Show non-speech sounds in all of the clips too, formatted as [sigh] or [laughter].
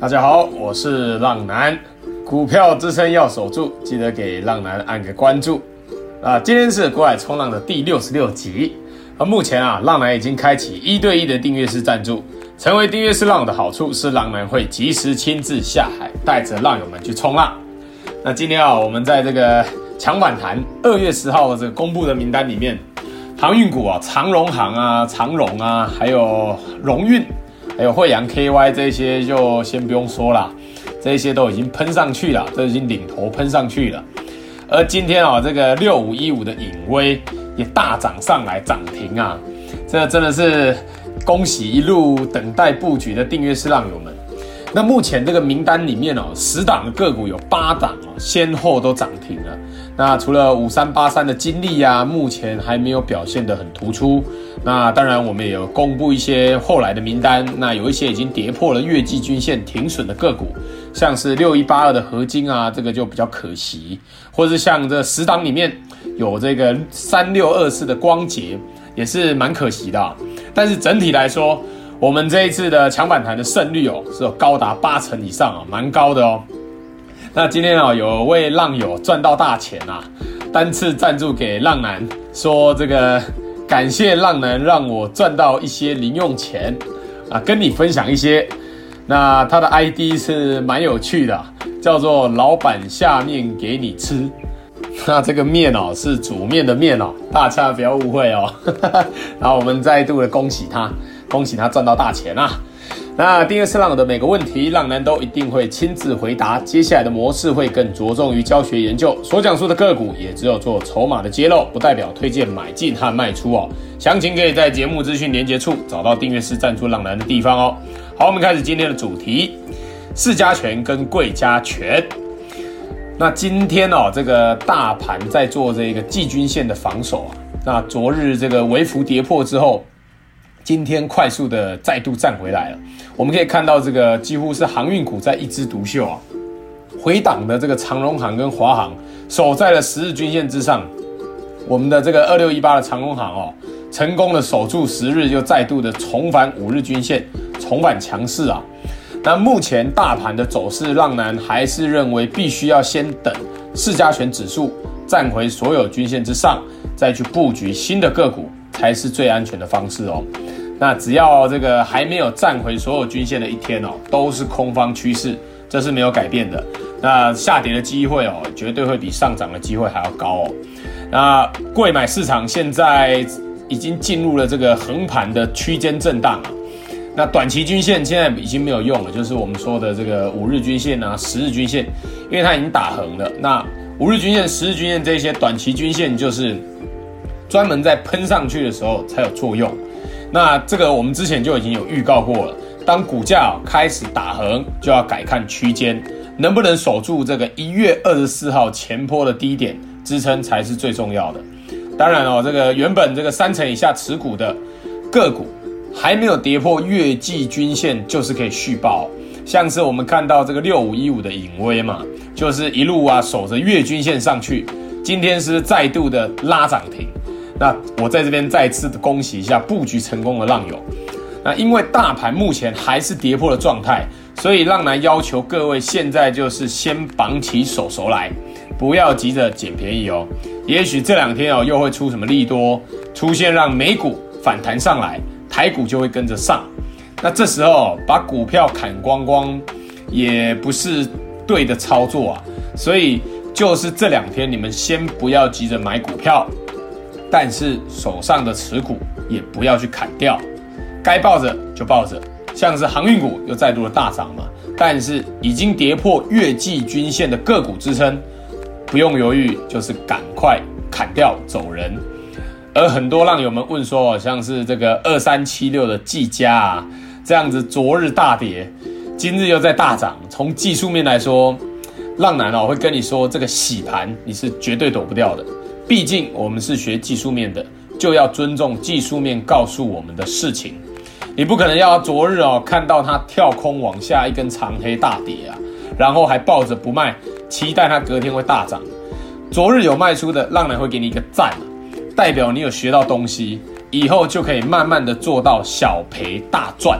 大家好，我是浪男，股票支撐要守住，記得給浪男按個關注。啊，今天是股海衝浪的第六十六集。而目前啊，浪男已經開啟一對一的訂閱式贊助。成為訂閱式浪友的好處是，浪男會吉時親自下海，帶着浪友們去沖浪。那今天啊，我們在這個搶反彈二月十號的這個公布的名單裡面，航運股啊，長榮航啊，長榮啊，還有榮運。還有慧洋 KY 這些就先不用說了，這些都已經噴上去了，這已經領頭噴上去了。而今天啊、哦，這個六五一五的穎崴也大漲上來漲停啊，這真的是恭喜一路等待布局的訂閱式浪友們。那目前這個名單裡面哦、啊，十檔的個股有八檔哦、啊，先後都漲停了。那除了五三八三的金利啊，目前還沒有表現得很突出。那當然，我們也有公布一些後來的名單，那有一些已經跌破了月季均線停損的個股，像是六一八二的合晶啊，這個就比較可惜。或者像這十檔裡面有這個三六二四的光頡，也是蠻可惜的、啊。但是整體來說，我們這一次的搶反彈的勝率哦、喔，是有高達八成以上啊、喔，蠻高的哦、喔。那今天啊、喔，有一位浪友賺到大錢啊，單次贊助給浪男，說這個感謝浪男讓我賺到一些零用錢啊，跟你分享一些。那他的 ID 是蠻有趣的，叫做老闆下麵給你吃。那這個麵哦、喔，是煮麵的麵哦、喔，大家不要誤會哦、喔。 [laughs] 然後我們再度的恭喜他。恭喜他賺到大錢啊！那訂閱式浪友的每個問題，浪男都一定會親自回答。接下來的模式會更着重於教學研究，所講述的個股也只有做籌碼的揭露，不代表推薦買進和賣出哦。詳情可以在節目資訊連結處找到訂閱式贊助浪男的地方哦。好，我們開始今天的主題：市加權跟櫃加權。那今天哦，這個大盤在做這個季均線的防守啊。那昨日這個微幅跌破之後。今天快速的再度站回來了，我們可以看到這個幾乎是航運股在一枝獨秀啊，回檔的這個長榮航跟華航守在了十日均線之上，我們的這個二六一八的長榮航哦，成功的守住十日，又再度的重返五日均線，重返強勢啊。那目前大盤的走勢，浪男還是認為必須要先等市加權指數站回所有均線之上，再去佈局新的個股，才是最安全的方式哦。那只要這個還沒有站回所有均線的一天哦，都是空方趨勢，這是沒有改變的。那下跌的機會哦，絕對會比上漲的機會還要高哦。那櫃買市場現在已經進入了這個橫盤的區間震盪了。那短期均線現在已經沒有用了，就是我們說的這個五日均線啊、十日均線，因為它已經打橫了。那五日均線、十日均線這些短期均線就是。專門在噴上去的時候才有作用。那這個我們之前就已經有預告過了。當股價開始打橫，就要改看區間，能不能守住這個一月二十四號前波的低點支撐才是最重要的。當然哦、喔，這個原本這個三成以下持股的個股，還沒有跌破月季均線，就是可以續抱。像是我們看到這個六五一五的穎崴嘛，就是一路啊守着月均線上去，今天是再度的拉漲停。那我在這邊再次的恭喜一下佈局成功的浪友。那因為大盤目前還是跌破的狀態，所以浪男要求各位現在就是先綁起手手來，不要急着撿便宜哦。也許這兩天哦又會出什麼利多，出現讓美股反彈上來，台股就會跟着上。那這時候、哦、把股票砍光光也不是對的操作啊。所以就是這兩天你們先不要急着買股票。但是手上的持股也不要去砍掉，該抱着就抱着。像是航運股又再度的大漲嘛，但是已經跌破月季均線的個股支撐，不用猶豫，就是趕快砍掉走人。而很多浪友們問說，像是這個二三七六的技嘉啊，這樣子昨日大跌，今日又在大漲，從技術面來說，浪男啊，我會跟你說，這個洗盤你是絕對躲不掉的。畢竟我們是學技術面的，就要尊重技術面告訴我們的事情。你不可能要昨日哦，看到它跳空往下一根長黑大跌啊，然後還抱着不賣，期待它隔天會大漲。昨日有賣出的，浪男會給你一個讚，代表你有學到東西，以後就可以慢慢的做到小賠大賺。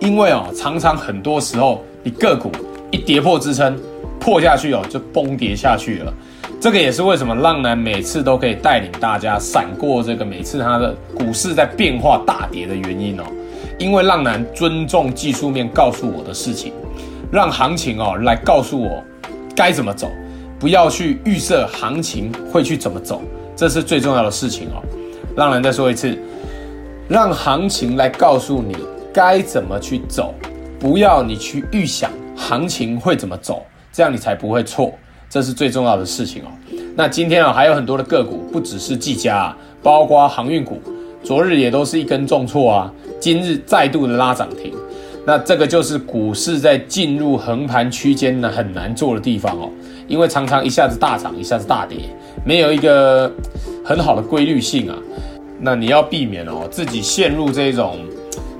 因為哦，常常很多時候你個股一跌破支撐，破下去哦，就崩跌下去了。這個也是為什麼浪男每次都可以帶領大家閃過這個每次他的股市在變化大跌的原因哦，因為浪男尊重技術面告訴我的事情，讓行情哦來告訴我該怎麼走，不要去預設行情會去怎麼走，這是最重要的事情哦。浪男再說一次，讓行情來告訴你該怎麼去走，不要你去預想行情會怎麼走，這樣你才不會錯。這是最重要的事情哦。那今天啊，還有很多的個股，不只是技嘉啊，包括航運股，昨日也都是一根重挫啊。今日再度的拉漲停，那這個就是股市在進入橫盤區間呢，很難做的地方哦，因為常常一下子大漲，一下子大跌，沒有一個很好的規律性啊。那你要避免哦，自己陷入這種。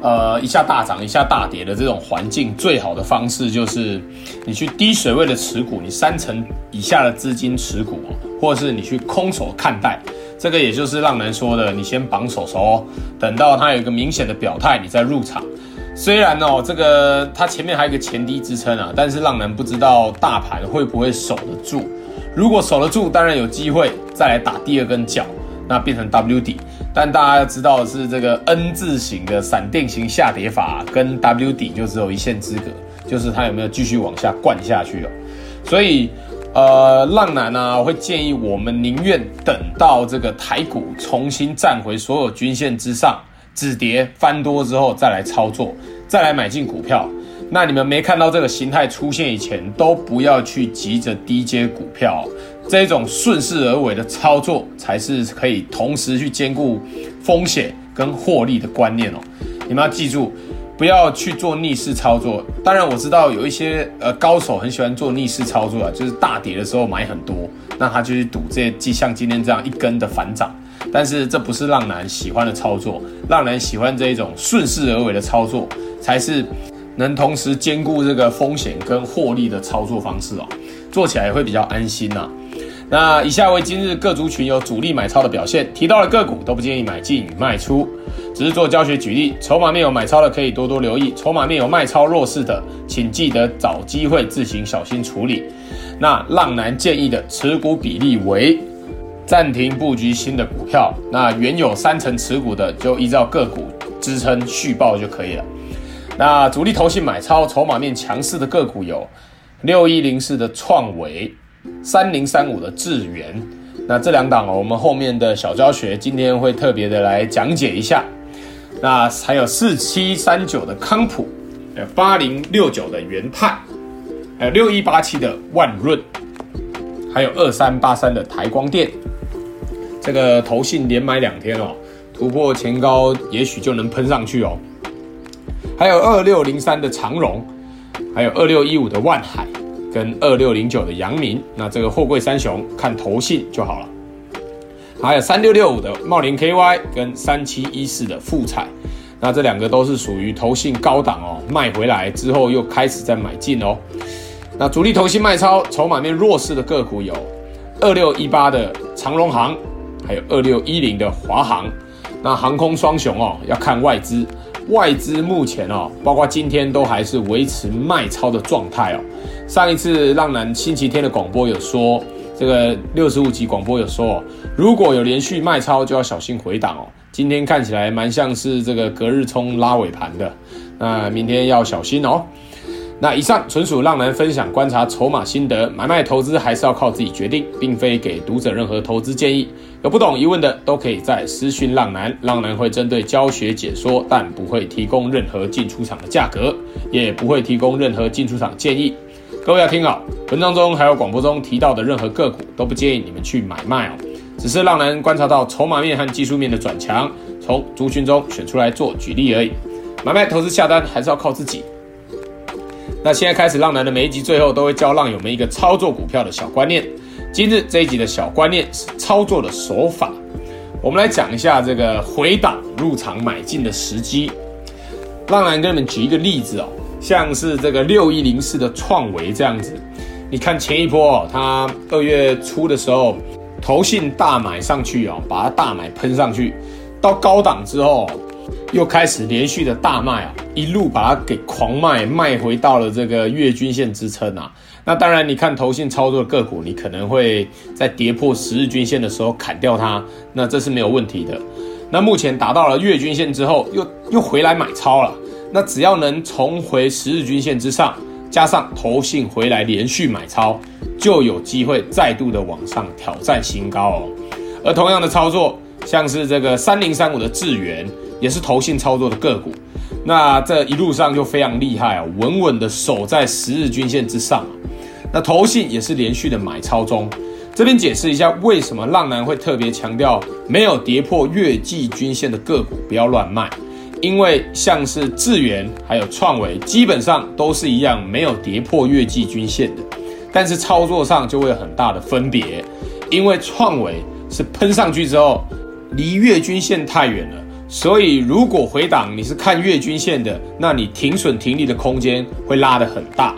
呃，一下大漲，一下大跌的這種環境，最好的方式就是你去低水位的持股，你三成以下的資金持股，或者是你去空手看待。這個也就是浪男說的，你先綁手手，等到它有一個明顯的表態，你再入場。雖然哦，這個它前面還有一個前低支撐啊，但是浪男不知道大盤會不會守得住。如果守得住，當然有機會再來打第二根腳，那變成 W 底。但大家要知道的是，這個 N 字型的閃電型下跌法跟 W 底就只有一線之隔，就是它有沒有繼續往下灌下去了。所以，呃，浪男呢、啊、會建議我們寧願等到這個台股重新站回所有均線之上，止跌翻多之後再來操作，再來買進股票。那你們沒看到這個型態出現以前，都不要去急着低接股票。這一種順勢而為的操作才是可以同時去兼顧風險跟獲利的觀念哦。你們要記住，不要去做逆勢操作。當然，我知道有一些呃高手很喜歡做逆勢操作啊，就是大跌的時候買很多，那他就去賭這些，像今天這樣一根的反漲。但是這不是浪男喜歡的操作，浪男喜歡這一種順勢而為的操作，才是能同時兼顧這個風險跟獲利的操作方式哦，做起來也會比較安心吶、啊。那以下為今日各族群有主力買超的表現，提到了個股都不建議買進與賣出，只是做教學舉例。籌碼面有買超的可以多多留意，籌碼面有賣超弱勢的，請記得找機會自行小心處理。那浪男建議的持股比例為暫停布局新的股票，那原有三成持股的就依照個股支撐續抱就可以了。那主力投信買超籌碼面強勢的個股有六一零四的創惟。三零三五的智原，那這兩檔哦，我們後面的小教學今天會特別的來講解一下。那還有四七三九的康普，呃八零六九的元太，還有六一八七的萬潤，還有二三八三的台光電。這個投信連買兩天哦，突破前高也許就能噴上去哦。還有二六零三的長榮，還有二六一五的萬海。跟二六零九的陽明，那這個貨櫃三雄看投信就好了。還有三六六五的茂林 KY 跟三七一四的富彩，那這兩個都是屬於投信高檔哦，賣回來之後又開始在買進哦。那主力投信賣超、籌碼面弱勢的個股有二六一八的長榮航，還有二六一零的華航。那航空雙雄哦，要看外資。外資目前哦，包括今天都還是維持賣超的狀態哦。上一次浪男星期天的廣播有說，這個六十五集廣播有說，如果有連續賣超就要小心回檔哦。今天看起來蠻像是這個隔日衝拉尾盤的，那明天要小心哦。那以上純屬浪男分享觀察籌碼心得，買賣投資還是要靠自己決定，並非給讀者任何投資建議。有不懂疑問的都可以在私訊浪男，浪男會針對教學解說，但不會提供任何進出場的價格，也不會提供任何進出場建議。各位要聽好，文章中還有廣播中提到的任何個股都不建議你們去買賣哦，只是浪男觀察到籌碼面和技術面的轉強，從族群中選出來做舉例而已。買賣投資下單還是要靠自己。那現在開始，浪男的每一集最後都會教浪友們一個操作股票的小觀念。今日這一集的小觀念是操作的手法，我們來講一下這個回檔入場買進的時機。浪男給你們舉一個例子哦，像是這個六一零四的創惟這樣子，你看前一波哦，它二月初的時候，投信大買上去哦，把它大買噴上去，到高檔之後。又開始連續的大賣啊，一路把它給狂賣，賣回到了這個月均線支撐啊。那當然，你看投信操作的個股，你可能會在跌破十日均線的時候砍掉它，那這是沒有問題的。那目前達到了月均線之後，又又回來買超了。那只要能重回十日均線之上，加上投信回來連續買超，就有機會再度的往上挑戰新高哦。而同樣的操作，像是這個三零三五的智原。也是投信操作的個股，那這一路上就非常厲害啊、哦，穩穩的守在十日均線之上。那投信也是連續的買超中。這邊解釋一下，為什麼浪男會特別強調，沒有跌破月季均線的個股不要亂賣？因為像是智原還有創惟基本上都是一樣沒有跌破月季均線的，但是操作上就會有很大的分別，因為創惟是噴上去之後離月均線太遠了。所以，如果回檔你是看月均線的，那你停損停利的空間會拉得很大。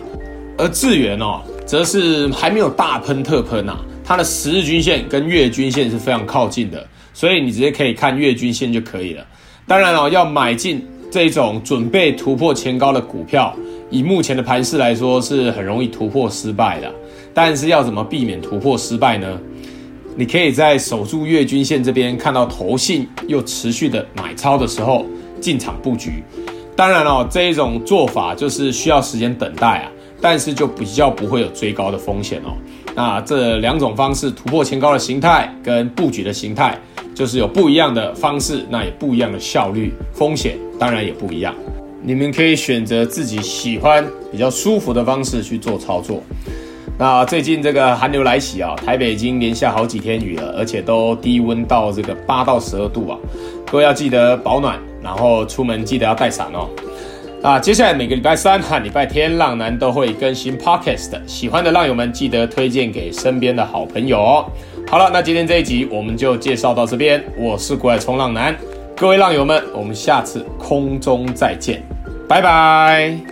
而智原哦，則是還沒有大噴特噴吶、啊，它的十日均線跟月均線是非常靠近的，所以你直接可以看月均線就可以了。當然了、哦，要買進這種準備突破前高的股票，以目前的盤勢來說，是很容易突破失敗的。但是要怎麼避免突破失敗呢？你可以在守住月均線這邊看到投信又持續的買超的時候進場佈局。當然了、哦，這一種做法就是需要時間等待啊，但是就比較不會有追高的風險哦。那這兩種方式，突破前高的形態跟佈局的形態，就是有不一樣的方式，那也不一樣的效率風險，當然也不一樣。你們可以選擇自己喜歡比較舒服的方式去做操作。那最近這個寒流來襲啊，台北已經連下好幾天雨了，而且都低溫到這個八到十二度啊，各位要記得保暖，然後出門記得要帶傘哦。那接下來每個禮拜三、啊、哈禮拜天，浪男都會更新 podcast，喜歡的浪友們記得推薦給身邊的好朋友、哦。好了，那今天這一集我們就介紹到這邊，我是股海衝浪男，各位浪友們，我們下次空中再見，拜拜。